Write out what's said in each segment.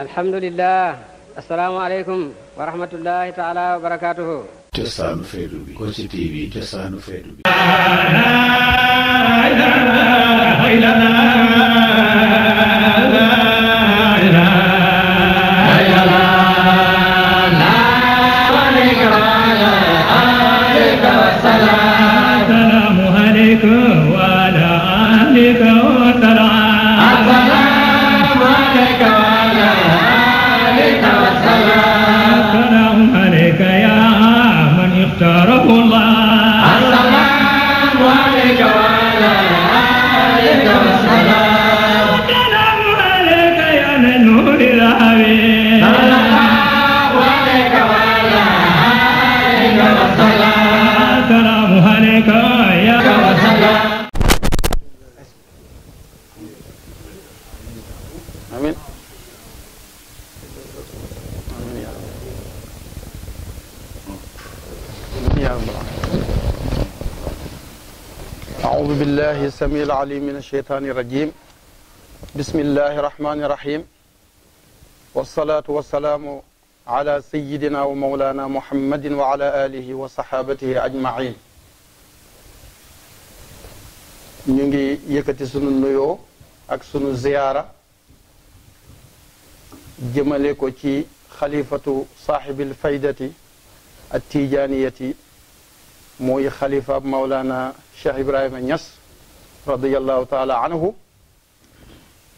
الحمد لله السلام عليكم ورحمة الله تعالى وبركاته جسان كوشي تي لا إله إلا الله أعوذ بالله السميع العليم من الشيطان الرجيم بسم الله الرحمن الرحيم والصلاة والسلام على سيدنا ومولانا محمد وعلى آله وصحابته أجمعين ñu ngi yëkkati sunu nuyoo ak sunu ziyaara jëmale ko ci xalifatu saaxibil faydati at tijaaniyati muy xalifa Maulana Cheikh Ibrahima Niass radiallahu taala anhu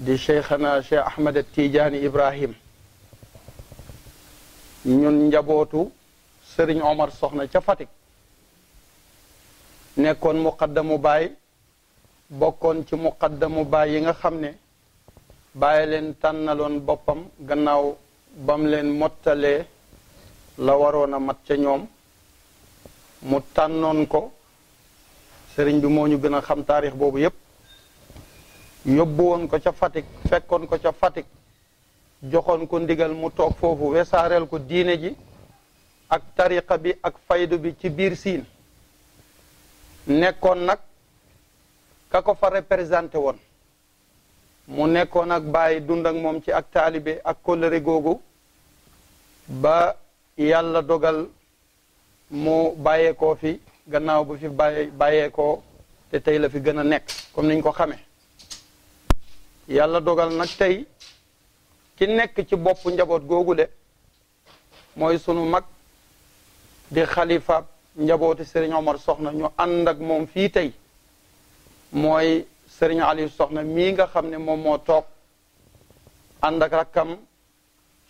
di cheikhana Cheikh Ahmed Tidiane Ibrahim ñun njabootu Serigne Omar Soxna ca Fatick nekkoon muqaddamu baay bokkoon ci muqaddamu baay yi nga xam ne bàyyi leen tànnaloon boppam gannaaw bam leen mottalee la waroon a mat ca ñoom mu tànnoon ko sëriñ bi moo ñu gën a xam taarix boobu yépp yóbbu woon ko ca fatik fekkoon ko ca fatik joxoon ko ndigal mu toog foofu wesaareel ko diine ji ak tariqa bi ak faydu bi ci biir siin nekkoon nag ka ko fa représenté woon mu nekkoon nag bàyyi dund ak moom ci ak taalibe ak kóllëre googu ba yàlla dogal mu bàyyeekoo fi gannaaw bu fi bàyye bàyyeekoo te tey la fi gën a nekk comme niñ ko xame yàlla dogal nag tey ki nekk ci boppu njaboot googule mooy sunu mag di xalifa njabooti Serigne Omar Soxna ñu ànd ak moom fii tey mooy Serigne Aliou Soxna mii nga xam ne moom moo toog ànd ak rakkam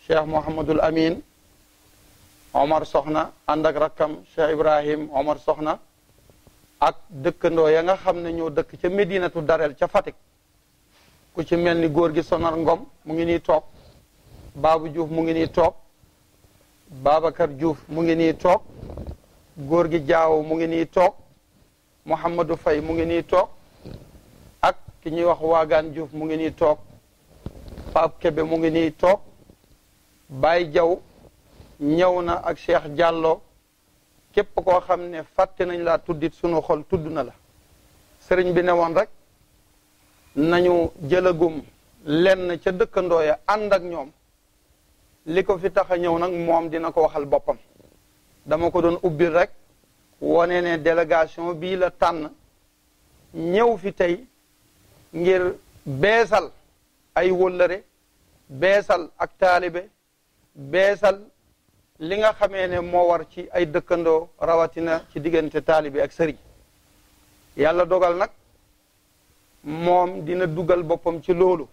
Cheikh Mouhamadul Amin omar soxna ànd ak rakkam cheikh ibrahim omar soxna ak dëkkandoo ya nga xam ne ñoo dëkk ca médinatu dareel ca fatik ku ci mel ni góor gi sonar ngom mu ngi nii toog babu juuf mu ngi ni toog babacar juuf mu ngi nii toog góor gi jaaw mu ngi nii toog mouhamadou fay mu ngi nii toog ak ki ñuy wax waagaan juuf mu ngi ni toog paap kebe mu ngi nii toog bay jaw ñëw na ak Cheikh jàlloo képp koo xam ne fàtte nañ laa tuddit sunu xol tudd na la sëriñ bi ne woon rek nañu jëlagum lenn ca dëkkandoo ya ànd ak ñoom li ko fi tax a ñëw nag moom dina ko waxal boppam dama ko doon ubbil rek wone ne délégation bii la tànn ñëw fi tey ngir beesal ay wóllëre beesal ak taalibe beesal li nga xamee ne moo war ci ay dëkkandoo rawatina ci diggante taalibi ak sëriñ yàlla dogal nag moom dina dugal boppam ci loolu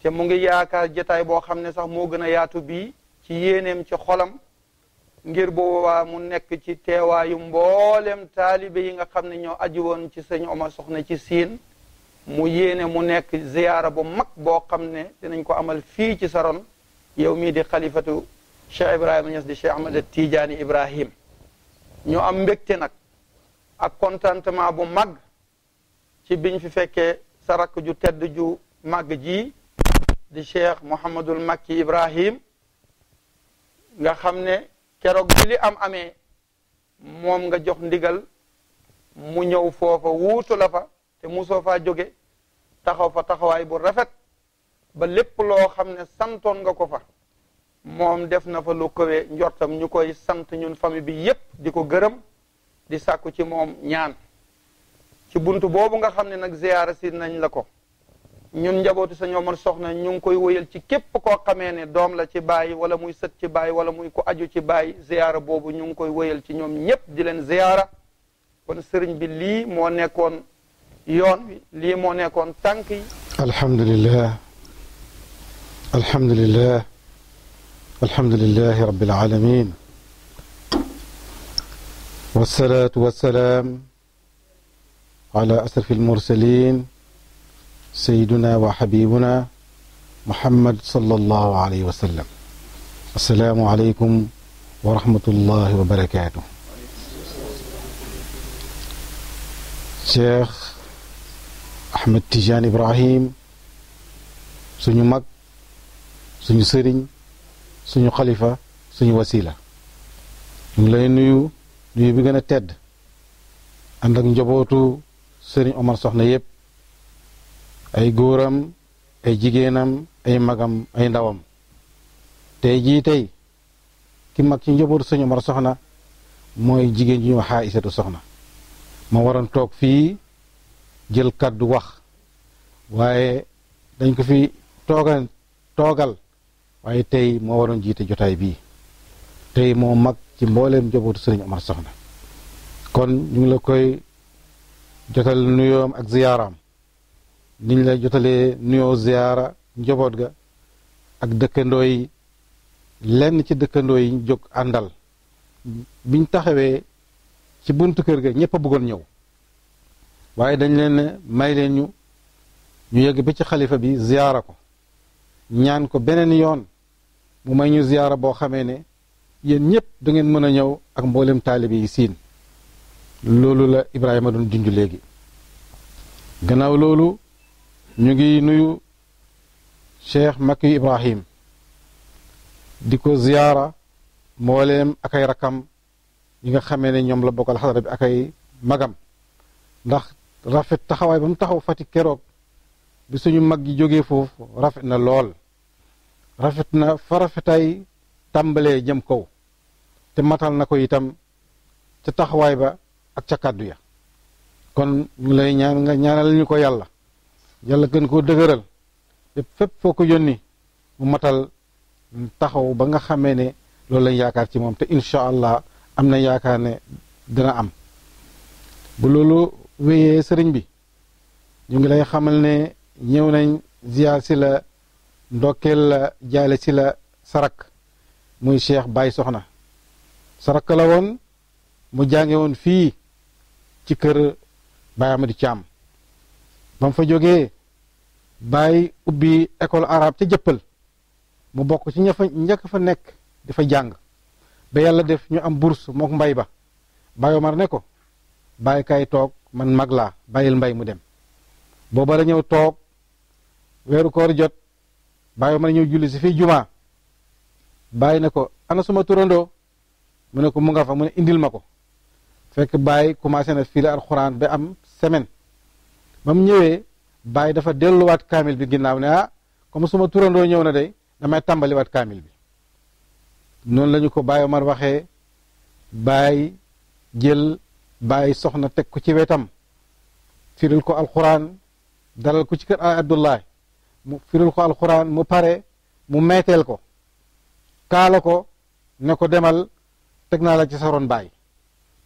te mu ngi yaakaar jataay boo xam ne sax moo gën a yaatu bii ci yéeneem ci xolam ngir boobaa mu nekk ci teewaayu mboolem taalibe yi nga xam ne ñoo aji woon ci sëñ Omar Soxna ci siin mu yéene mu nekk ziyaara bu mag boo xam ne dinañ ko amal fii ci saron yow mii di xalifatu Cheikh Ibrahima Niass di Cheikh Ahmed Tidiane Ibrahim ñu am mbégte nag ak contentement bu mag ci biñ fi fekkee sarak ju tedd ju mag ji di Cheikh Mouhamadul Makki Ibrahim nga xam ne keroog bi li am amee moom nga jox ndigal mu ñëw foofa wuutu la fa te musoo faa jóge taxaw fa taxawaay bu rafet ba lépp loo xam ne santoon nga ko fa moom def na fa lu kawe njortam ñu koy sant ñun famille bi yépp di ko gërëm di sàkku ci moom ñaan ci buntu boobu nga xam ne nag ziyaara si nañ la ko ñun njabootu sa Omar Soxna ñu ngi koy wëyal ci képp koo xamee ne doom la ci bàyyi wala muy sët ci baay wala muy ko aju ci baay ziyaara boobu ñu ngi koy wëyal ci ñoom ñépp di leen ziyaara kon sëriñ bi lii moo nekkoon yoon lii moo nekkoon tànk yi alhamdulillah الحمد لله رب العالمين والصلاة والسلام على أسرف المرسلين سيدنا وحبيبنا محمد صلى الله عليه وسلم السلام عليكم ورحمة الله وبركاته شيخ أحمد تيجان إبراهيم سنمك مك suñu xalifa suñu wasila ñu lay nuyu nuyu bi gën a tedd ànd ak njabootu sëriñ Omar soxna yépp ay góoram ay jigéenam ay magam ay ndawam tey jii tey ki mag ci njabootu sëriñ Omar soxna mooy jigéen ñu waxaa isatu soxna ma waroon toog fii jël kàddu wax waaye dañ ko fi toogal toogal waaye tey moo waroon jiite jotaay bii tey moo mag ci mbooleem njabootu sëriñ Omar Soxna kon ñu ngi la koy jotal nuyoom ak ziyaaraam ni ñu la jotalee nuyoo ziyaara njaboot ga ak dëkkandoo yi lenn ci dëkkandoo yi ñu àndal biñ taxawee ci buntu kër ga ñëpp a bëggoon ñëw waaye dañ leen may leen ñu ñu yegg bi ci xalifa bi ziyaara ko ñaan ko beneen yoon mu may ñu ziyaara boo xamee ne yéen ñëpp du ngeen mën a ñëw ak mboolem taalibe yi siin loolu la Ibrahima doon junj léegi gannaaw loolu ñu ngi nuyu Cheikh Makki Ibrahim di ko ziyaara mbooleem ak ay rakam yi nga xamee ne ñoom la bokkal xadara bi ak ay magam ndax rafet taxawaay ba mu taxaw fati keroog bi suñu mag ji jógee foofu rafet na lool rafet na fa rafetaay tàmbalee jëm kaw te matal na ko itam ca taxawaay ba ak ca kàddu ya kon ñu lay ñaan nga ñaanal ñu ko yàlla yàlla gën koo dëgëral te fépp foo ko yónni mu matal taxaw ba nga xamee ne loolu lañ yaakaar ci moom te incha allah am na yaakaar ne dina am bu loolu wéyee sëriñ bi ñu ngi lay xamal ne ñëw nañ ziyaar si la ndokkeel jaale si la sarak muy cheikh Baye Soxna sarak la woon mu jànge woon fii ci kër Baye du Thiam ba mu fa jógee Baye ubbi école arabe ca jëppal mu bokk ci njëkk fa nekk di fa jàng ba yàlla def ñu am bourse mook mbay ba Baye Omar ne ko Baye kay toog man mag laa bàyyil mbay mu dem booba la ñëw toog weeru koor jot bayo ma ne ñëw julli si fii juma bàyyi ne ko ana suma turandoo mu ne ko mu nga fa mu ne indil mako ko fekk bàyyi commencé na fii la be am semaine bam mu ñëwee dafa delu wat kamil bi ginnaw ne ah comme suma turandoo ñëw na de damay wat kamil bi non lañu ko bayo mar waxé Baay jël Baay soxna tek ko ci wetam firil ko alxuraan dalal ko ci kër abdullah mu firil ko alquran mu pare mu meeteel ko kaala ko ne ko demal teg naa la ci saroon baay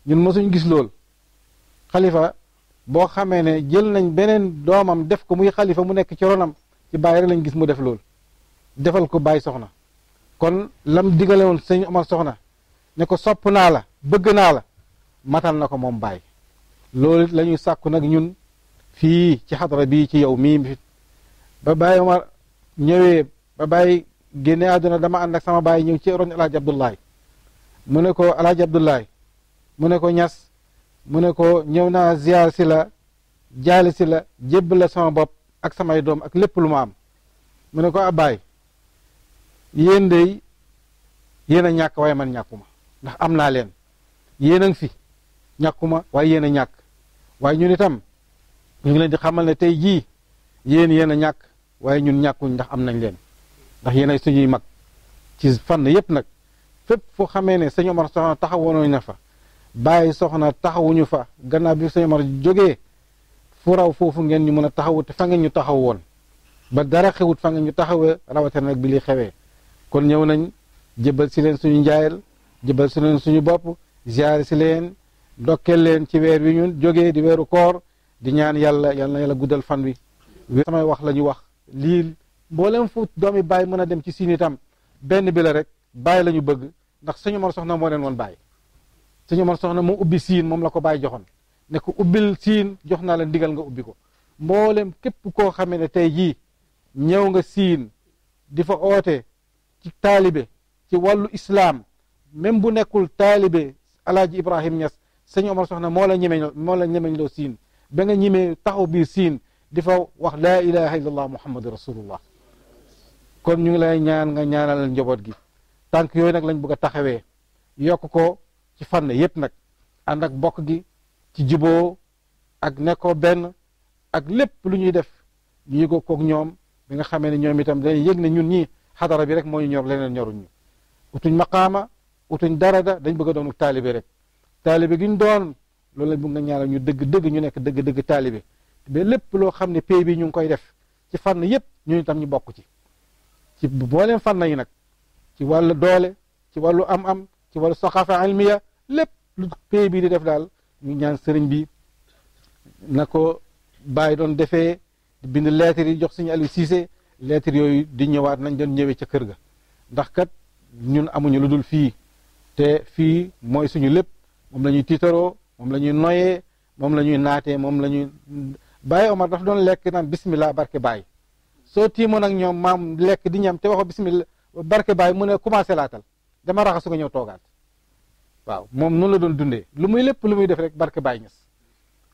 ñun mësuñ gis lool xalifa boo xamee ne jël nañ beneen doomam def ko muy xalifa mu nekk ci ronam ci baay rek lañ gis mu def lool defal ko baay soxna kon lam digale woon sëñ Omar soxna ne ko sopp naa la bëgg naa la matal na ko moom baay loolu it la ñuy sàkku nag ñun fii ci xadara bii ci yow mii ba Baye Omar ñëwee ba Baye génne àdduna dama ànd ak sama baay ñëw ci roñ alaaji Abdoulaye mu ne ko alaaji Abdoulaye mu ne ko ñas mu ne ko ñëw naa ziar si la jaali si la jébb sama bopp ak samay doom ak lépp lu ma am mu ne ko abbaay ah, yéen dey yéen a ñàkk waay man ñàkkuma ndax am naa leen yéen a ngi fi ñàkkuma waaye yéen a ñàkk waaye ñun itam ñu ngi leen di xamal ne tey jii yéen yéen ñàkk waaye ñun ñàkkuñ ndax am nañ leen ndax yéenay suñuy mag ci fànn yépp nag fépp foo xamee ne sëñ Omar soxna taxawoon na fa bàyyi soxna taxawuñu fa gannaaw bi sëñ Omar jóge fu raw foofu ngeen ñu mën a taxawu te fa ngeen ñu taxaw woon ba dara xewut fa ngeen ñu taxawee rawatina nag bi li xewee kon ñëw nañ jëbal si leen suñu njaayal jëbal si leen suñu bopp ziar si leen dokkeel leen ci weer wi ñu jógee di weeru koor di ñaan yàlla yàlla na yàlla guddal fan wi samay wax la ñu wax lii mboolem fu doomi bàyyi mën a dem ci siin itam benn bi la rek bàyyi lañu bëgg ndax sëñ Mor Soxna moo leen woon bàyyi sëñ Mor Soxna moo ubbi siin moom la ko bàyyi joxoon ne ko ubbil siin jox naa la ndigal nga ubbi ko mboolem képp koo xamee ne tey jii ñëw nga siin di fa oote ci taalibe ci wàllu islaam même bu nekkul taalibe alaaji Ibrahim Niass sëñ Omar Soxna moo la ñemeñ moo la ñemeñ loo siin ba nga ñimee taxaw biir siin di fa wax laa ilaha illallah muhammadu rasulullah kon ñu ngi lay ñaan nga ñaanal njaboot gi tànk yooyu nag lañ bëgg a taxawee yokk ko ci fànn yépp nag ànd ak bokk gi ci juboo ak nekkoo benn ak lépp lu ñuy def ñu yëgoo koog ñoom bi nga xamee ne ñoom itam dañuy yëg ne ñun ñii xadara bi rek moo ñu ñor leneen ñoruñ ñu utuñ maqaama utuñ darada dañ bëgg a doon taalibe rek taalibe gi ñu doon loolu lañ bëgg nga ñaanal ñu dëgg dëgg ñu nekk dëgg dëgg taalibe mais lépp loo xam ne pays bi ñu ngi koy def ci fànn yépp ñun tam ñu bokk ci ci booleem fànn yi nag ci wàllu doole ci wàllu am-am ci wàllu saxaafa almiya lépp lu di def daal ñu ñaan sëriñ bi na ko bàyyi doon defee bind lettre yi jox suñu Aliou Cissé lettre yooyu di ñëwaat nañ doon ñëwee ca kër ga ndax kat ñun amuñu lu dul fii te fii mooy suñu lépp moom la tiitaroo moom la ñuy noyee moom lañuy ñuy naatee moom la ñuy Baye Omar dafa doon lekk naan bismillah barke Baye soo tiimoon ak ñoom maam lekk di ñam te waxo bismillah barke Baye mu ne commencé laatal dama raxasu nga ñëw toogaat waaw moom noonu la doon dundee lu muy lépp lu muy def rek barke Baye ñes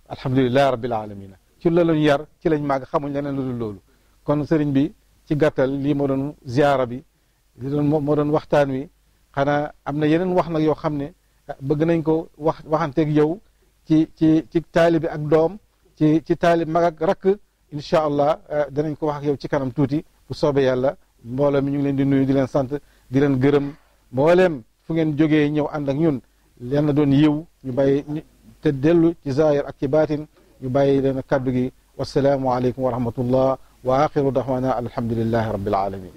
alhamdulilah rabbil alamina ci loolu ñu yar ci lañ màgg xamuñ leneen lu loolu kon seriñ bi ci gàttal lii moo doon ziara bi li doon moo doon waxtaan wi xanaa am na yeneen wax nag yoo xam ne ah, bëgg nañ ko wax waxanteeg yow ci ci ci taalibi ak doom ci ci taalib mag ak rak inshallah allah danañ ko wax ak yow ci kanam tuuti bu soobe yàlla mbolo mi ñu ngi leen di nuyu di leen sant di leen gërëm mbolem fu ngeen jógee ñëw ànd ak ñun leen na doon yiw ñu bàyyi te dellu ci zahir ak ci batin ñu bàyyi leen kàddu gi wasalaamu alaykum wa rahmatullah wa akhiru dawana alhamdulilahi rabbil alamin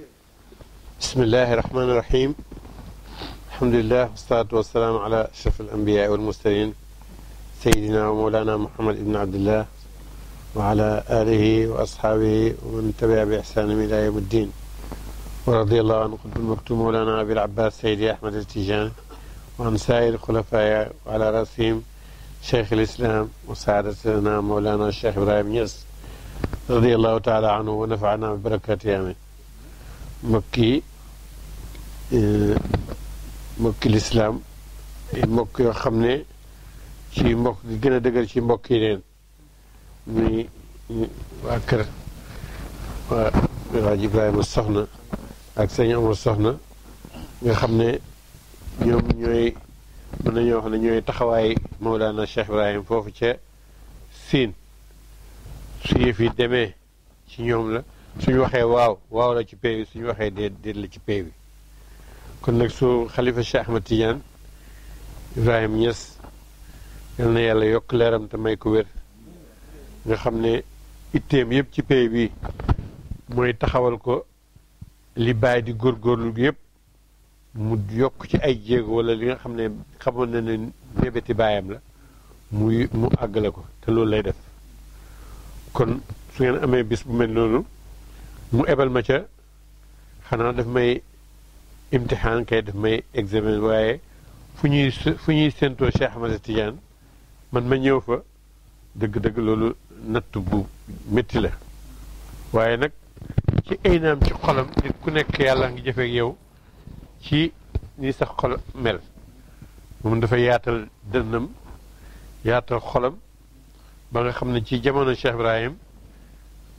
bismillahi rahmani rahim alhamdulilah wasalaatu wasalaamu ala ashraf al anbiya wal mursalin سيدنا ومولانا محمد بن عبد الله وعلى آله وأصحابه ومن تبع بإحسان إلى يوم الدين ورضي الله عن قطب المكتوم مولانا أبي العباس سيدي أحمد التيجان وعن سائر الخلفاء وعلى رأسهم شيخ الإسلام وسعادتنا مولانا الشيخ إبراهيم يس رضي الله تعالى عنه ونفعنا ببركاته آمين مكي آه، مكي الإسلام مكي خمني ci mbokk gi gën a dëgër ci mbokk yi neen muy waa kër waa Alaaji Ibrahima Soxna ak sëñ Omar Soxna nga xam ne ñoom ñooy mën nañoo wax ne ñooy taxawaay Mawlana Cheikh Ibrahim foofu ca siin su yëf yi demee ci ñoom la suñu waxee waaw waaw la ci pay bi suñu waxee déet déet la ci pay bi kon nag su xalifa Cheikh Ahmad Tidiane Ibrahim Niass yal na yàlla yokk leeram te may ko wér nga xam ne itteem yëpp ci pay bi mooy taxawal ko li bàyyi di góorgóorlu yëpp mu yokk ci ay jéego wala li nga xam ne xamoon na ne mébéti baayam la muy mu àggale ko te loolu lay def kon su ngeen amee bis bu mel noonu mu ebal ma ca xanaa daf may imtixaan kay daf may examen waaye fu ñuy fu ñuy séentoo Cheikh Ahmad Tidiane man ma ñëw fa dëgg-dëgg loolu natt bu metti la waaye nag ci ay ci xolam nit ku nekk yàlla ngi jëfee yow ci ni sax xol mel moom dafa yaatal dënnam yaatal xolam ba nga xam ne ci jamono Cheikh Ibrahim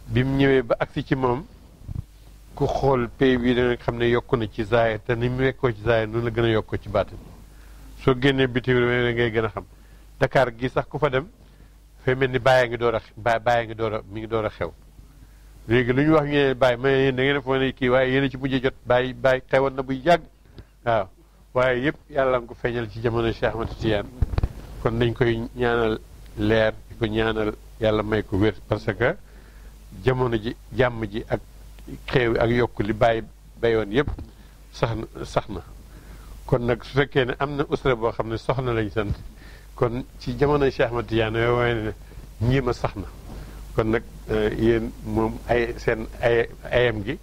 bi mu ñëwee ba agsi ci moom ku xool pay bi da xam ne yokku na ci zaahir te ni mu wekkoo ci zaahir noonu la gën a yokkoo ci baatin soo génnee bitim réew ngay gën a xam Dakar gi sax ku fa dem fay mel ni bàyyi ngi door a bàyyi ngi door a mi ngi door a xew léegi lu ñu wax ñu ne bàyyi ma da ngeen foog ne kii waaye yéen a ci mujj jot bàyyi bàyyi xewoon na buy jàgg waaw waaye yëpp yàlla nga ko feeñal ci jamono Cheikh Ahmed Tidiane kon nañ koy ñaanal leer di ko ñaanal yàlla may ko wér parce que jamono ji jàmm ji ak xeew ak yokk li bàyyi bayoon yëpp sax na sax na kon nag su fekkee ne am na usra boo xam ne soxna lañ sant kon ci jamono Cheikh Ahmad Tidiane yooyu waaye ne njiima sax na kon nag euh, yéen moom ay seen ay ayam gi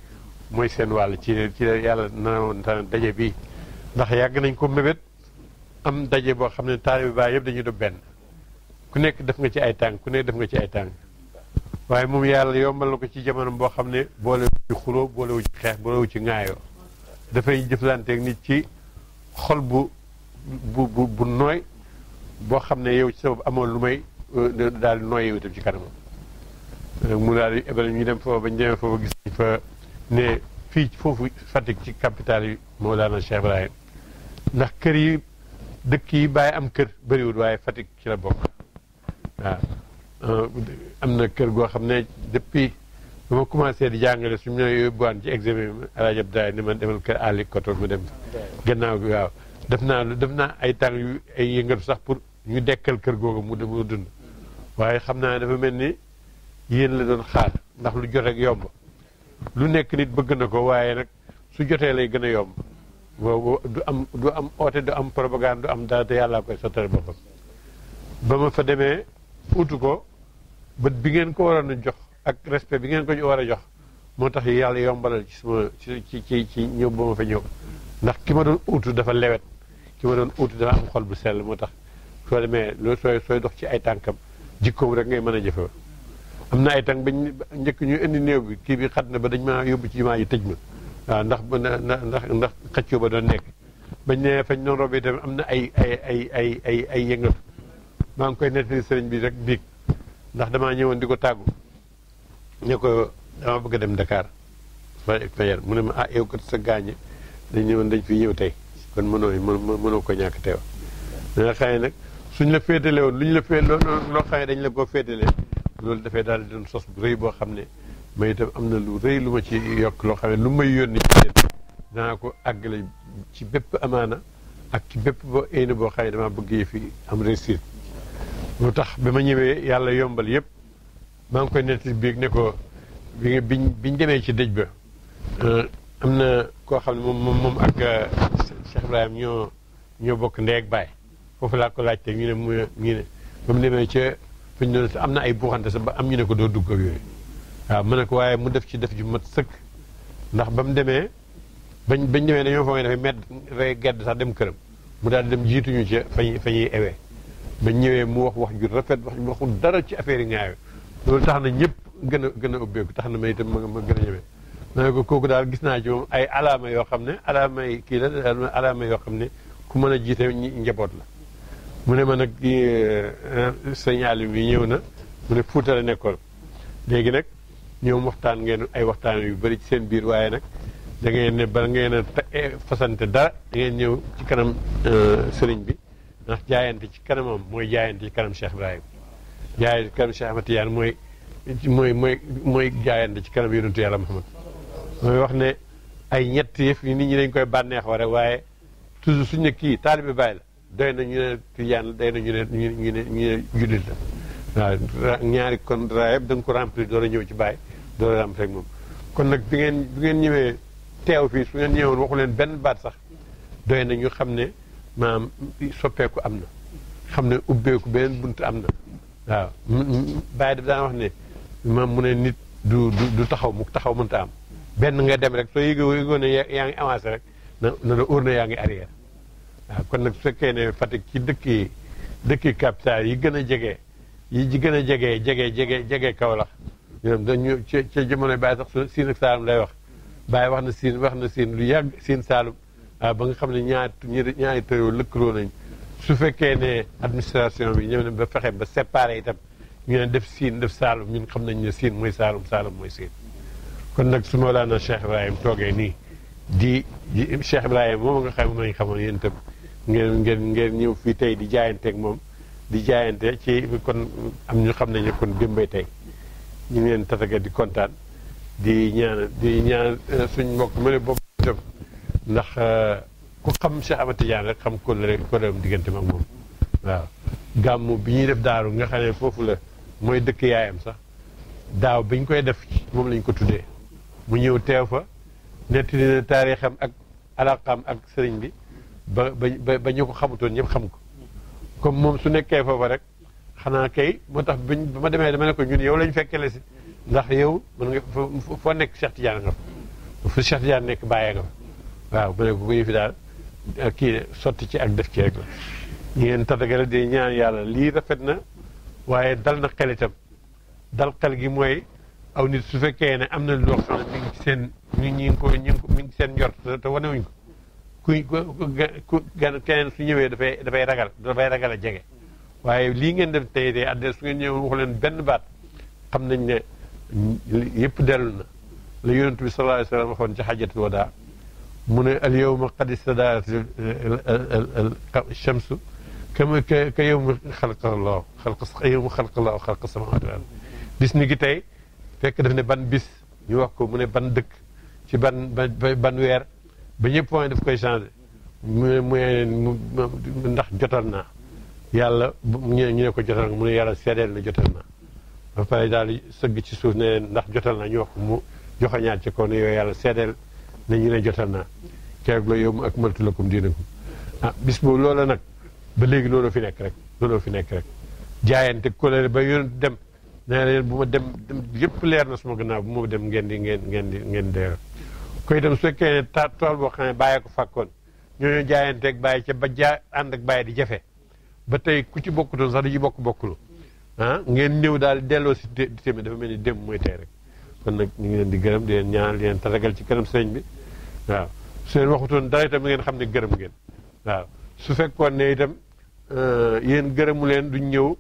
mooy seen wàll ci ci yàlla na woon daje bii ndax yàgg nañ ko mébét am daje boo xam ne taalibe baay yëpp dañu do benn ku nekk def nga ci ay tànk ku nekk def nga ci ay tànk waaye moom yàlla yombal la ko ci jamono boo xam ne boolewu ci xuloo boolewu ci xeex boolewu ci ŋaayoo dafay jëflanteeg nit ci xol bu bu bu nooy boo xam ne yow ci sabab amoon lu may euh, daal di noyyi itam ci kanamam euh, mu daal di ebal ñu dem foofa ba ñu demee foofa gis fa foofu Fatick ci capital yi Mawlana Cheikh Ibrahim ndax kër yi dëkk yi bàyyi am kër bëriwul waaye Fatick ci la bokk waaw euh, am na kër goo xam ne depuis ba ma commencé di jàngale suñu ñëwee yóbbuwaan ci examen bi El Hadj Abdoulaye ni ma demal kër Ali mu dem fa. gannaaw gi waaw def naa def naa ay temps yu ay yëngatu sax pour. ñu dekkal kër googu mu dem dund waaye xam naa dafa mel ni yéen la doon xaar ndax lu jot ak yomb lu nekk nit bëgg na ko waaye nag su jotee lay gën a yomb boobu du am du am oote du am propagande du am dara te yàllaa koy sottal boppam ba ma fa demee uutu ko bët bi ngeen ko waroon jox ak respect bi ngeen ko war a jox moo tax yàlla yombalal ci suma ci ci ci ñëw ba ma fa ñëw ndax ki ma doon utu dafa lewet ki ma doon utu dafa am xol bu sell moo tax soo demee loolu sooy sooy dox ci ay tànkam jikkoom rek ngay mën a jëfe am na ay tànk bañ njëkk ñu indi néew bi kii bi xat na ba dañ maa yóbbu ci jumaa yi tëj ma waaw ndax ndax ndax xëccoo ba doon nekk bañ ne fañ noonu robee tamit am na ay ay ay ay ay ay maa ngi koy nettali sëriñ bi rek biig ndax damaa ñëwoon di ko tàggu ne ko bëgg dem Dakar fajar mu ne ma ah sa gaañe dañ ñëwoon dañ fi ñëw tey kon mënoo mënoo ko ñàkk teew danga xëy nag suñ la féetale woon lu ñu la fee loo loo xam ne dañ la koo féetale loolu dafay daal di doon sos bu rëy boo xam ne may itam am na lu rëy lu ma ci yokk loo xam ne lu may yónni ci leen danaa ko àggale ci bépp amaana ak ci bépp boo ayna boo xam ne damaa bëgg yëf yi am réussite lu tax bi ma ñëwee yàlla yombal yëpp maa ngi koy nettali biig ne ko bi nga biñ demee ci dëj ba eh, am na koo xam ne moom moom moom ak eh, Cheikh Ibrahim ñoo ñoo bokk ndeeg baay foofu laa ko laajte ngi ne mu ñu ne ba mu demee ca am na ay buuxante sax ba am ñu ne ko doo dugg ak mu ne ko waaye mu def ci def ju mat sëkk ndax ba mu demee bañ bañ demee dañoo foog ne dafay met sax dem këram mu daal di dem jiituñu ca fañ fa ñuy ewee ñëwee mu wax wax ju rafet waxul dara ci affaire yi ngaayo loolu tax na ñëpp gën a gën a ubbeeku tax na ma itam ma gën a ñëwee ne ko kooku daal gis naa ci moom ay alaama yoo xam ne alaama kii la alaama yoo xam ne ku mën a jiite njaboot la mu ne ma nag eh, eh, sëñ Aliou bi ñëw na mu ne Fuuta nekkoon léegi nag ñoom waxtaan ngeen ay waxtaan yu bari ci seen biir waaye nag da ngeen ne bala ngeen a eh, fasante dara da ñëw ci kanam sëriñ bi ndax jaayante ci kanamam mooy jaayante ci kanam Cheikh Ibrahim jaayante ci kanam Cheikh Ahmad Tijaan mooy mooy mooy mooy ci kanam yonentu yàlla Muhammad mooy wax ne ay ñett yëf nit ñi dañ koy bànneexoo rek waaye toujours suñ ne kii taalibe Baay la doy na ñu ne tijaan la doy na ñu ne ñu ne ñu ne jullit la waaw ñaari kon raa yëpp da nga ko remplir door a ñëw ci bàyyi door a am rek moom kon nag bi ngeen bi ngeen ñëwee teew fii su ngeen ñëwoon waxu leen benn baat sax doy na ñu xam ne maam soppeeku am na xam ne ubbeeku beneen bunt am na waaw bàyyi daf daan wax ne maam mu ne nit du du taxaw mu taxaw mënta am benn nga dem rek soo yëgoo yëgoo ne yaa ngi avancé rek na na la óor na yaa ngi arrière waaw ah, kon nag su fekkee ne Fatick ci dëkki dëkki capital yi gën a jege yi gën a jege jege jege jege Kaolack ñoom dañu ca ca jamono Baye sax Siin ak Saalum lay wax Baye wax na Siin wax na Siin lu yàgg Siin Saalum ah, ba nga xam ne ñaar ñaari tëyoo lëkkaloo nañ su fekkee ne administration bi ñëw ne ba fexe ba séparé itam ñu ne def Siin def Saalum ñun xam nañ ne Siin mooy Saalum Saalum mooy Siin kon nag su Mawlaana Cheikh Ibrahima toogee nii di Cheikh Ibrahima moom nga xam ne nañ xamoon yéen itam ngeen ngeen ngeen ñëw fii tey di jaayanteeg moom di jaayante ci kon am ñu xam nañu kon démbay tey ñu ngeen leen di kontaan di ñaan di ñaan eh, suñ mbokk mu ne ndax eh, ku xam Cheikh Ahmed Tidiane rek xam kóllëre kóllëreem diggante ak moom waaw gàmmu bi ñuy def daaru nga xam foofu la mooy dëkk yaayam sax daaw biñ koy def moom lañ ko tuddee mu ñëw teew fa nettali na taarixam ak alaqam ak sëriñ bi ba ba ba ñu ko xamutoon ñëpp xam ko comme moom su nekkee foofa rek xanaa kay moo tax biñ ba ma demee dama ne ko ñun yow lañ fekkele si ndax yow mën nga foo nekk Cheikh Tidiane nga fa fu Cheikh Tidiane nekk bàyyee nga fa waaw ma ne ko ko fi daal kii sotti ci ak def ci rek la ñu ngeen tatagale di ñaan yàlla lii rafet na waaye dal na xel itam dal xel gi mooy aw nit su fekkee ne am na loo xam ne mi ngi seen ñu ngi ko ñu ngi ko mi ngi seen njort te wanewuñ ko kuy ku keneen su ñëwee dafay dafay ragal dafay ragal a jege waaye lii ngeen def tey de adde su ngeen ñëw waxu leen benn baat xam nañ ne yëpp dellu na la yonent bi sallallahu alayhi wa sallam waxoon ci xajatul wadaa mu ne al yawma qad istadarat shamsu kama ka yawma xalqa bis ni ki tey fekk daf ne ban bis ñu wax ko mu ne ban dëkk ci ban ban weer ba ñëpp point daf koy changé mu mu ndax jotal naa yàlla ñu ne ko jotal nga mu ne yàlla seddeel na jotal naa ba pare daal di sëgg ci suuf ne ndax jotal naa ñu wax mu joxañaat ci kaw ne yooyu yàlla seddeel na ñu ne jotal naa keroog la yow ak maltu lakum diinakum ah bis boobu loola nag ba léegi looloo fi nekk rek looloo fi nekk rek jaayante kóllëre ba yonent dem nee na leen bu ma dem yëpp leer na suma gannaaw bu ma dem ngeen di ngeen ngeen di ngeen deer ko itam su fekkee ne ta tool boo xam ne bàyyi ko fàkkoon ñooñu jaayanteek bàyyi ca ba jaa ànd ak bàyyi di jafe ba tey ku ci bokkutoon sax dañuy bokk bokkulu ah ngeen néew daal delloo si téeméer dafa mel ni démb mooy tey rek kon nag ñu ngi leen di gërëm di leen ñaanal di leen ci kanam sëñ bi waaw su leen waxutoon dara itam ngeen xam ne gërëm ngeen waaw su fekkoon ne itam euh, yéen gërëmu leen duñ ñëw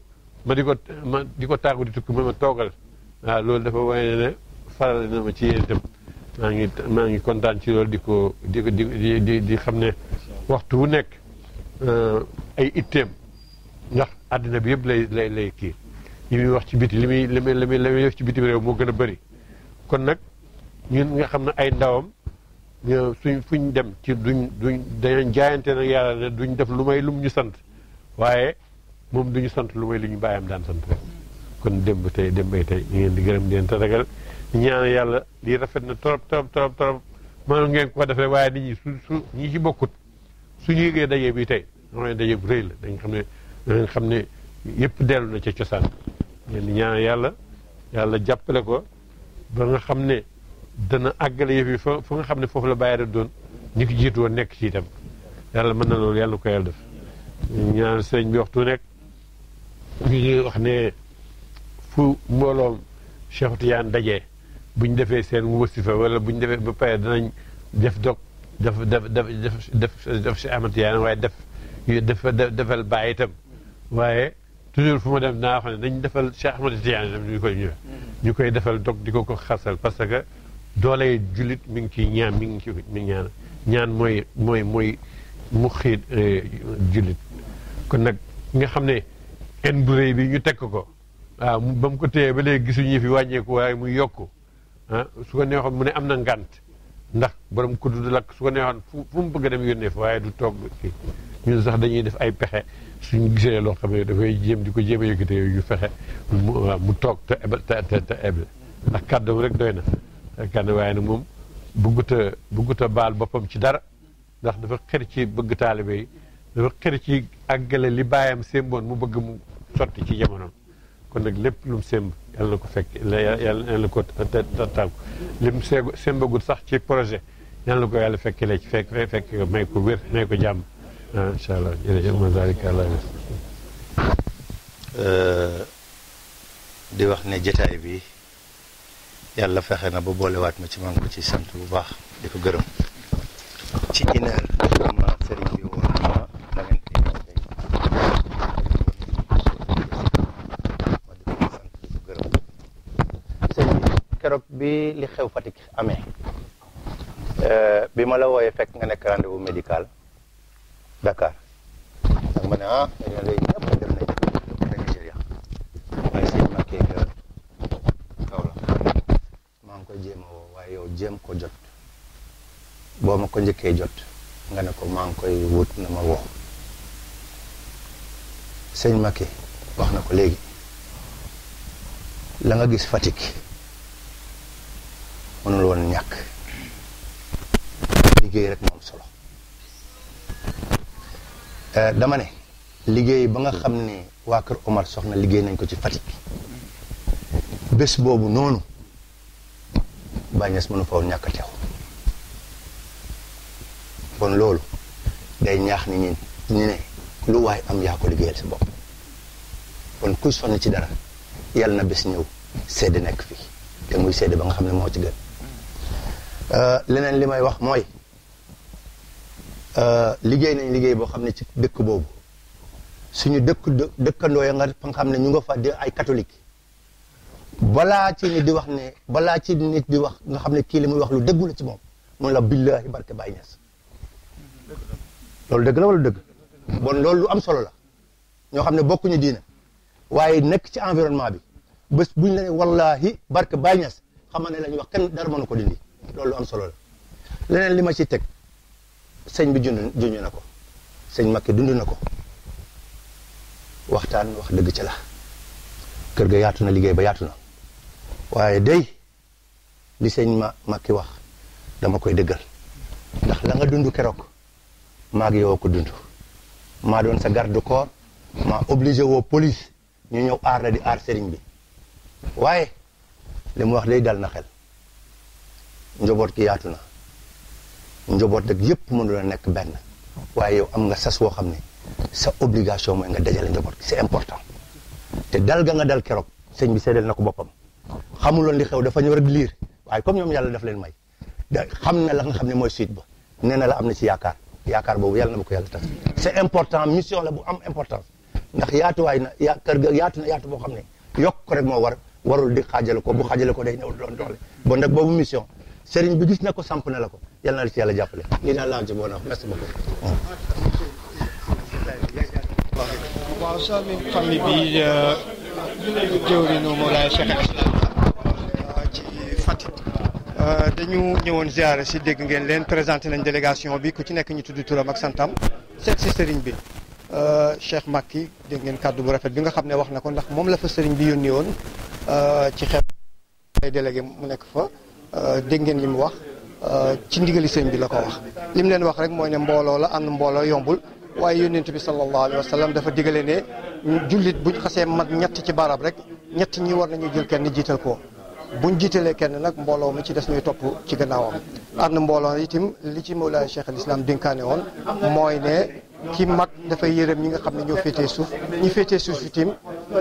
ma di ko ma di ko taagu di tukki ma ma toogal waaw loolu dafa waye ne faral na ma ci yéen itam maa ngi maa ngi kontaan ci loolu di ko di ko di di xam ne waxtu wu nekk euh, ay itteem ndax àddina bi yëpp lay lay lay kii li muy wax ci biti li muy li muy li muy def ci biti réew moo gën a bari kon nag ñun nga xam ne ay ndawam suñ fuñ dem ci duñ duñ dañu jaayante nag yàlla ne duñ def lu may lu ñu sant waaye moom duñu sant lu may lu ñu bàyyam daan sant kon démb tey dem démb tey ñu ngeen di gërëm di leen tatagal ñaan yàlla lii rafet na trop trop trop trop mënoon ngeen ko defee waaye nit ñi su ñi ci bokkut su ñu yëgee daje bi tey xam ne daje bu rëy la dañ xam ne dañ xam ne yëpp dellu na ca cosaan ngeen di ñaan yàlla yàlla jàppale ko ba nga xam ne dana àggale yëf yi fa fa nga xam ne foofu la bàyyi da doon ñi ki jiitu woon nekk ci itam yàlla mën na loolu yàlla ko yàlla def ñaan sëriñ bi waxtu nekk ñu ngi wax ne fu mbooloom Cheikh Tidiane daje buñ ñu defee seen wasifa wala buñ ñu defee ba pare danañ def dog def def def def def si amati yaan waaye def yu def defal bàyyi itam waaye toujours fu ma dem naa xam ne nañ defal Cheikh Ahmad Tidiane itam ñu koy ñëwee. ñu koy defal dog di ko ko xasal parce que doole julit mi ngi ci ñaan mi ngi ci mi ñaan ñaan mooy mooy mooy mu xiit julit kon nag nga xam ne en bu rëy bi ñu tekk ko waaw ba mu ko téye ba léegi gisuñu fi wàññeeku waaye mu yokku Ah, su ko neexoon mu ne am na ngànt ndax borom kudd du lakk su ko neexoon fu mu bëgg dem yónnee fa waaye du toog ñun sax dañuy def ay pexe suñu gisee loo xam ne dafay jéem di ko jéem a yëkkate yu fexe mu toog te eb te te eb ndax kàddoom rek doy na kàddu waaye nag moom bëggut a bëggut a baal boppam ci dara ndax dafa xër ci bëgg taalibe yi dafa xër ci àggale li baayam sémboon mu bëgg mu sotti ci jamonoom kon nag lépp lu semb yàlla na ko fekk yàlla na ko taal lim sembagul sax ci projet yàlla na ko yàlla fekkale ci fekk fekk may ko wér may ko jàmm incha allah jërëjëf ma zalika allah di wax ne jataay bi yàlla fexe na ba boolewaat ma ci maa ngi ko ci sant bu baax di ko gërëm ci une heure xew Fatick amee euh, bi ma la wooyee fekk nga nekk rendez-vous médical Dakar ndax ma ne ah Medina Leye ñëpp dem maa ngi koy jéem a woo waaye yow jéem ko jot boo ma ko njëkkee jot nga ne ko maa ngi koy wut na ma woo sëñ Mbacké wax na ko léegi la nga gis Fatick. mënul woon ñàkk liggéey rek moom solo euh, dama ne liggéey ba nga xam ni waa kër Omar Soxna liggéey nañ ko ci Fatick bés boobu noonu bàññees mënu fa woon ñàkk teew kon loolu day ñaax ni ñi ñu ne lu waay am yaa ko liggéeyal si bopp kon kuy sonn ci dara yàlla na bés ñëw sedd nekk fii te muy sedd ba nga xam ne moo ci gën Euh, leneen li may wax mooy euh, liggéey nañ liggéey boo xam ne ci dëkk boobu suñu dëkk dëkkandoo ya nga xam ne ñu nga fa di ay catholique balaa ci nit di wax ne balaa ci nit di wax nga xam ne kii li muy wax lu dëggu la ci moom mun la billahi barke Baye Niass loolu dëgg la wala dëgg bon loolu lu am solo la ñoo xam ne bokkuñu diina waaye nekk ci environnement bi bés buñ la ne wallahi barke Baye Niass xam ne la ñuy wax kenn dara mënu ko dindi loolu am solo leneen li ma ci teg sëñ bi junj junj na ko sëñ Macky dund na ko waxtaan wax dëgg ci la kër ga yaatu na liggéey ba yaatu na waaye day di sëñ ma Macky wax dama koy dëggal ndax la nga dund keroog maa ngi yow ko dund maa doon sa garde corps maa obligé woo police ñu ñëw aar la di aar sëriñ bi waaye li mu wax day dal na xel njaboot gi yaatu na njaboot nag yépp mënu la nekk benn waaye yow am nga sas woo xam ne sa obligation mooy nga dajale njaboot gi c'est important te dal ga nga dal keroog sëñ bi seedeel na ko boppam loon li xew dafa ñëw rek liir waaye comme ñoom yàlla daf leen may da xam na la nga xam ne mooy suite ba nee na la am na si yaakaar yaakaar boobu yàlla na ma ko yàlla tas c'est important mission la bu am importance ndax yaatuwaay na ya kër ga yaatu na yaatu boo xam ne yokk ko rek moo war warul di xaajale ko bu xaajale ko day néew doon doole bon nag boobu mission sëriñ bi gis na ko samp na la ko yal na la ci yàlla jàppale lii daal laa ci boona wax merci beaucoup waaw soo min famille euh, euh, euh, dañu ñëwoon ziare si dégg ngeen leen présenté nañ délégation bi ku ci nekk ñu tudd turam ak santam seet si sëriñ bi Cheikh Macky dégg ngeen kàddu bu rafet bi nga xam ne wax na ko ndax moom la fa sëriñ bi yónni woon ci xeet ay délégué mu nekk fa Euh, dégg ngeen li mu wax euh, ci ndigali sëñ bi la ko wax li mu leen wax rek mooy ne mbooloo la am mbooloo yombul waaye yónnent bi sallallahu alayhi wa sallam dafa digale ne jullit buñ xasee mag ñett ci barab rek ñett ñi war na ñu jël kenn jiital ko buñ jiitalee kenn nag mbooloo mi ci des ñuy topp ci gannaawam ànd mbooloo yitim li ci Mawlaay Cheikh al dinkaane woon mooy ne ki mag dafay yërëm ñi nga xam ne ñoo féetee suuf ñi féetee suuf itam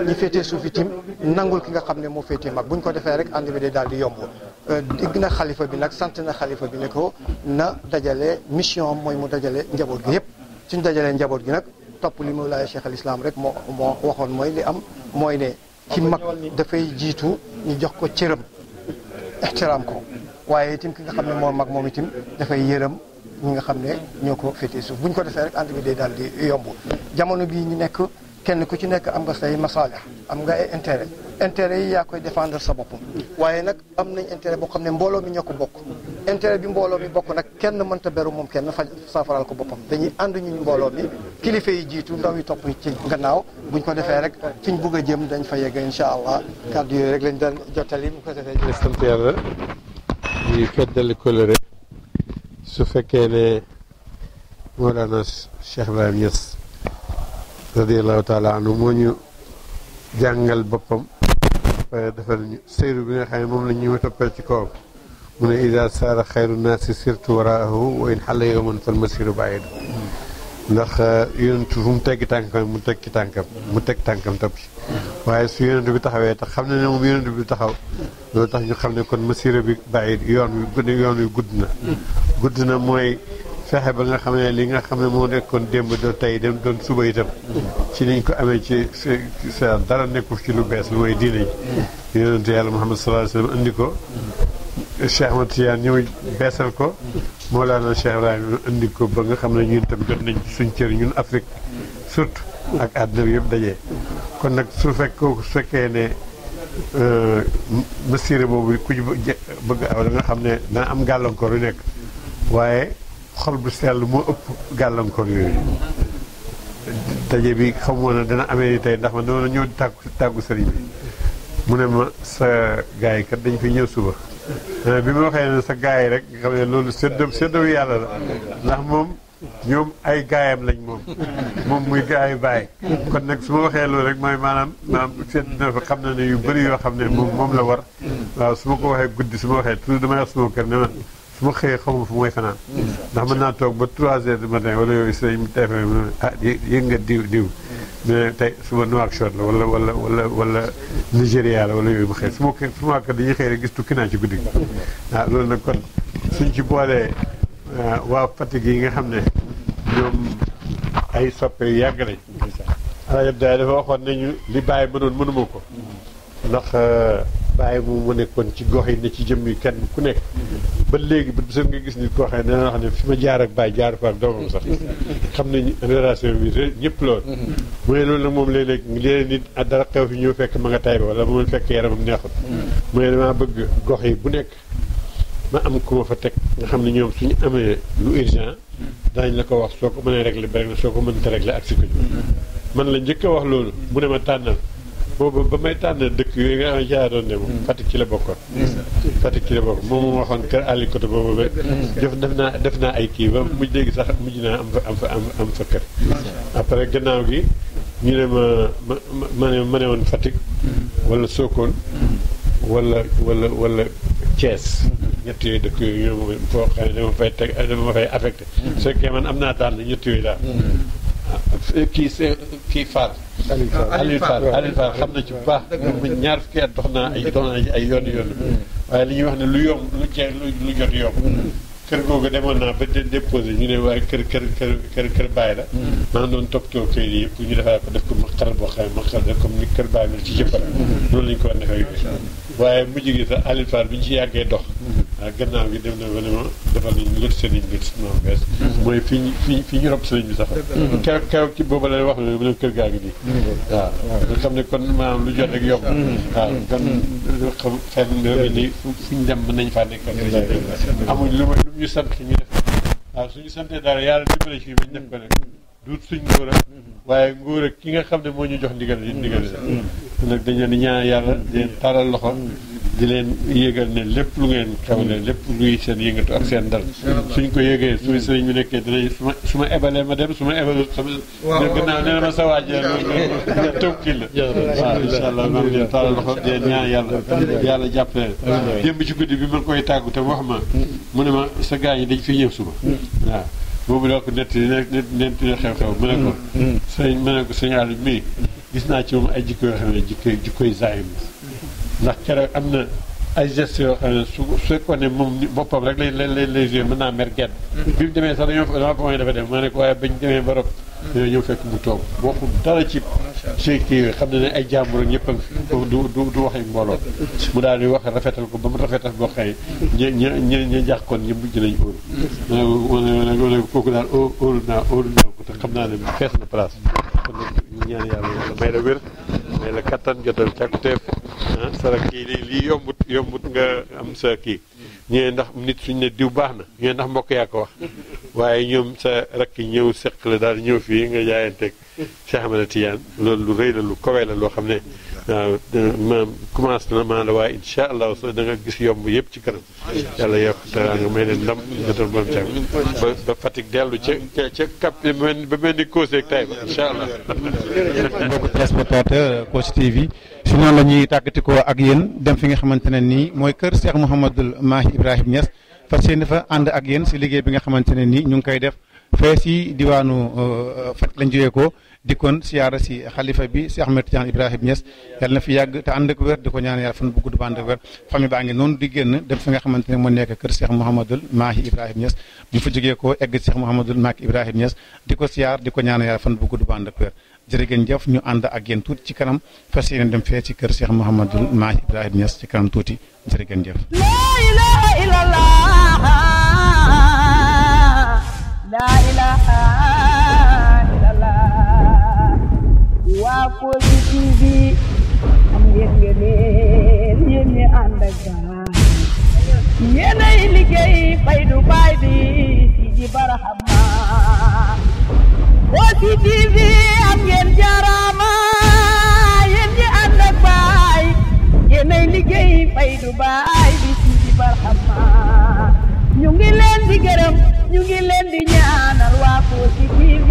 ñi féetee suuf itam nangul ki nga xam ne moo féetee mag buñ ko defee rek ànd bi day daal di yomb Euh, digg na xalifa bi nag sant na xalifa bi ne ko na dajale mission am mooy mu dajale njaboot gi yëpp suñ dajalee njaboot gi nag topp li mu laay cheikh al islam rek moo moo waxoon mooy li am mooy ne ci mag dafay jiitu ñu jox ko cëram ixtiraam ko waaye itam ki nga xam ne moo mag moom itam dafay yërëm ñi nga xam ne ñoo ko féetee suuf bu ñu ko defee rek ànd bi day daal di yomb jamono bii ñu nekk kenn ku ci nekk am nga say masaalix am nga ay intérêt intérêt yi yaa koy défendre sa boppam waaye nag am nañ intérêt boo xam ne mbooloo mi ñoo ko bokk intérêt bi mbooloo mi bokk nag kenn mënta beru moom kenn faj saafaral ko boppam dañuy ànd ñu mbooloo mi kilifa yi jiitu ndaw yi topp ci gannaaw buñ ko defee rek fiñ bugg a jëm dañ fa yegg incha allah kàddu yooyu rek lañ daan jottali mu ko defee jërëjëf sant yàlla di feddali coloré su fekkee ne Mawlana Cheikh Ibrahim Niass radiallahu taala anhu moo ñu jàngal boppam pare defal ñu seyru bi nga xam ne moom la ñuy toppal ci kawam mu ne ida saara xayru naasi sirtu waraahu wa in xalla yowman fal masiru bàyyidu ndax uh, yonent fu mu teggi tànkam mu teg ci tànkam mu teg tànkam topp ci waaye su yonent bi taxawee tax xam ne ne moom yonent bi taxaw loolu tax ñu xam ne kon masira bi bàyyi yoon wi yoon wi gudd na gudd na mooy fexe ba nga xam ne li nga xam ne moo nekkoon démb doon tey dem doon suba itam ci niñ ko amee ci sa dara nekkul ci lu bees lu mooy diine yi yonente yàlla Muhammad sallallahu alayhi wa sallam andi ko Cheikh Ahmad Tidiane ñëw beesal ko Mawlana Cheikh Ibrahima andi ko ba nga xam ne ñun tam jot nañ suñ cër ñun Afrique surtout ak àddina bi yëpp daje kon nag su fekkoo fekkee ne euh, masiré boobu ku ci bëgg aw da nga xam ne dana am gàllankoor yu nekk xol bu sell moo ëpp gàllankoor yooyu daje bi xamoon na dana amee ni tey ndax ma dama ñëw di tàggu tàggu sëriñ bi mu ne ma sa gaay yi kat dañ fi ñëw suba bi ma waxee ne sa gaay yi rek nga xam ne loolu séddoo séddoo yàlla la ndax moom ñoom ay gaayam lañ moom moom muy gaayu bàyyi kon nekk su ma waxee loolu rek mooy maanaam maanaam sedd na fa xam na ne yu bëri yoo xam ne moom moom la war waaw su ma ko waxee guddi su ma waxee toujours damay wax suma kër ne ma mukhe xamul fu moy fanaan ndax mën naa toog ba trois heures du matin wala yooyu sëñ bi tey ah yëg nga diw diw mais tey suba Nouakchott la wala wala wala wala Nigéria la wala yooyu ma xëy su ma su ma kat dañuy xëy rek gis tukki naa ci guddi ah loolu nag kon suñ ci boolee waa Fatick yi nga xam ne ñoom ay soppe yu yàgg lañ alaa yëpp daal dafa waxoon nañu li bàyyi mënoon mënuma ko ndax bàyyi moom mu nekkoon ci gox yi ne ci jëm yi kenn ku nekk ba léegi bu seen nga gis nit koo xam ne dana wax ne fi ma jaar ak bàyyi jaar fa ak doomam sax xam nañ relation bi ñëpp lool mu ne loolu nag moom léeg-léeg léeg nit dara xew fi ñëw fekk ma nga tay ba wala mu fekk yaramam neexul mu ne damaa bëgg gox yi bu nekk ma am ku ma fa teg nga xam ne ñoom suñu amee lu urgent daañu la ko wax soo ko mënee réglé ba rek na soo ko mënta réglé ak si man la njëkk a wax loolu mu ne ma tànnal boobu ba may tànn dëkk yooyu nga xam ne caa doon ne moom Fatick ci la bokkoon. Fatick ci la bokkoon moom moo waxoon kër Aliou boobu ba. def naa def naa ay kii ba mujj léegi sax mujj naa am fa am fa am fa kër. après gannaaw gi ñu ne ma ma ma ne ma ne woon Fatick. wala Sokone. wala wala cees Thiès. yooyu dëkk yooyu ñoom moom foo xam ne dama fay teg dama fay affecté. su fekkee man am naa tànn ñetti yooyu daal. Mm. Ah, kii kii Fall. Ah, Aliou Fall xam na ci bu baax. dëgg ñaar fukki at dox naa ay dox naa ay waaye li ñuy wax ne lu yomb lu jeex lu jot yomb. Mm. kër googu demoon naa ba déposé ñu ne waaye kër kër kër kër kër bàyyi la. Mm. maa doon toppatoo kër yi def ko maxal boo xam ne comme ni kër bàyyi mel ci jëppal. loolu mm. la ñu ko war a defee yooyu. waaye mujj gi sax Aliou bi ñu ci yàggee dox. ndax ah, gannaaw gi dem na ba ne ma dafa nañu ñetti sëriñ bi moom bees. mooy fi ñu fi fi ñu rob sëriñ bi sax. Mm-hmm. keroog keroog ci boobu la wax ne mu ne kër gaa gi nii. Mm-hmm. waaw nga xam ne kon maanaam lu jot rek yomb. Mm-hmm. waaw kon xam xel na ni fu dem mën nañu faa nekkal. amuñ lu mooy lu ñu sant ñu suñu santee daal yàlla dimbale fii bañ def ko nag. duut suñ nguur ak waaye nguur ak ki nga xam ne moo ñu jox ndigal li ndigal la nag dañu leen di ñaan yàlla di leen taral loxo di leen yégal ne lépp lu ngeen xewle lépp luy seen yëngatu ak seen dal suñ ko yégee suñu sëriñ bi nekkee dinañ su ma su ma ebalee ma dem su ma ebalee sama gannaaw nee ma sa waaj kii la waaw incha allah maa ngi leen yàlla yàlla jàppale démb ci guddi bi man koy tàggu te wax ma mu ne ma sa gars yi dañ fi ñëw suba waaw boobu loo ko nett nett xew-xew mu ne ko mm. sëñ mu ne ko sëñ Aliou mii gis naa ci moom ay jikko yoo xam ne jikko jikkoy zaayim la ndax keroog am na ay gestes euh, su sekkoon ne moom boppam rek lay lay lay joué mën naa mer gedd. Mm-hmm. bi mu demee sax dañoo dafa mooy dafa def ko waaye bañ demee ba rob. Mm-hmm. ñëw fekk mu toog waxul dara ci. macha kii xam na ne ay jàmbur ak mm-hmm. du du du waxi mbooloo. mu daal di wax rafetal ko ba mu rafetal boo xëy. ña ña ña ña jàkkoon ñëpp mujj nañu óolu. ma ne ma ne daal óolu naa óolu naa ko te xam naa ne fees na place. kon nag ñu ñaan yàlla yàlla may la wér may la kattan jotal càkkuteef. sara kii li lii yombut yombut nga am sa kii ñëwee ndax nit suñ ne diw baax na ñëwee ndax mbokk yaa ko wax waaye ñoom sa rakk ñëw seq la daal ñëw fii nga jaayanteeg ma Ahmada Tidiane loolu lu rëy la lu kawe la loo xam ne waaw maam commencé na maa la waaye incha allah da nga gis yomb yëpp ci kanam yàlla yokk dara nga may leen ndam jotoon borom ca ba ba dellu ca ca ca cap ba mel ni Kossé ak Taïba incha allah. mbokku téléspectateur Kossy TV ci noonu la ñuy tàggatikoo ak yéen dem fi nga xamante ne nii mooy kër Cheikh Mouhamadul Mahi Ibrahim Niass fas yéene fa ànd ak yéen si liggéey bi nga xamante ne nii ñu ngi koy def fee si diwaanu euh, Fatick lañ jógee ko dikkoon siyaara si xalifa bi si Ahmed Tidiane Ibrahim Niass yàlla na fi yàgg te ànd ak wér di ko ñaan yàlla fan bu gudd ba ànd ak wér famille baa ngi noonu di génn dem fi nga xamante ne moo nekk kër Cheikh Mouhamadul Mahi Ibrahim Niass bu ñu fa jógee ko egg Cheikh Mouhamadul Mahi Ibrahim Niass di ko siyaar di ko ñaan yàlla fan bu gudd ba jërëgéen jëf ñu ànd ak yéen tuuti ci kanam fas yéene dem fee ci kër Cheikh Mouhamadul Mahi Ibrahima Niass ci kanam tuuti jërëgéen jëf la liggéey fay du baay bi ci barahama Mourchid TV am ngeen jaaraama yéen ñi ànd ak baay yéenay liggéey fay du baay bi siidi barxama ñu ngi leen gërëm ñu ngi leen di ñaanal waa Kossy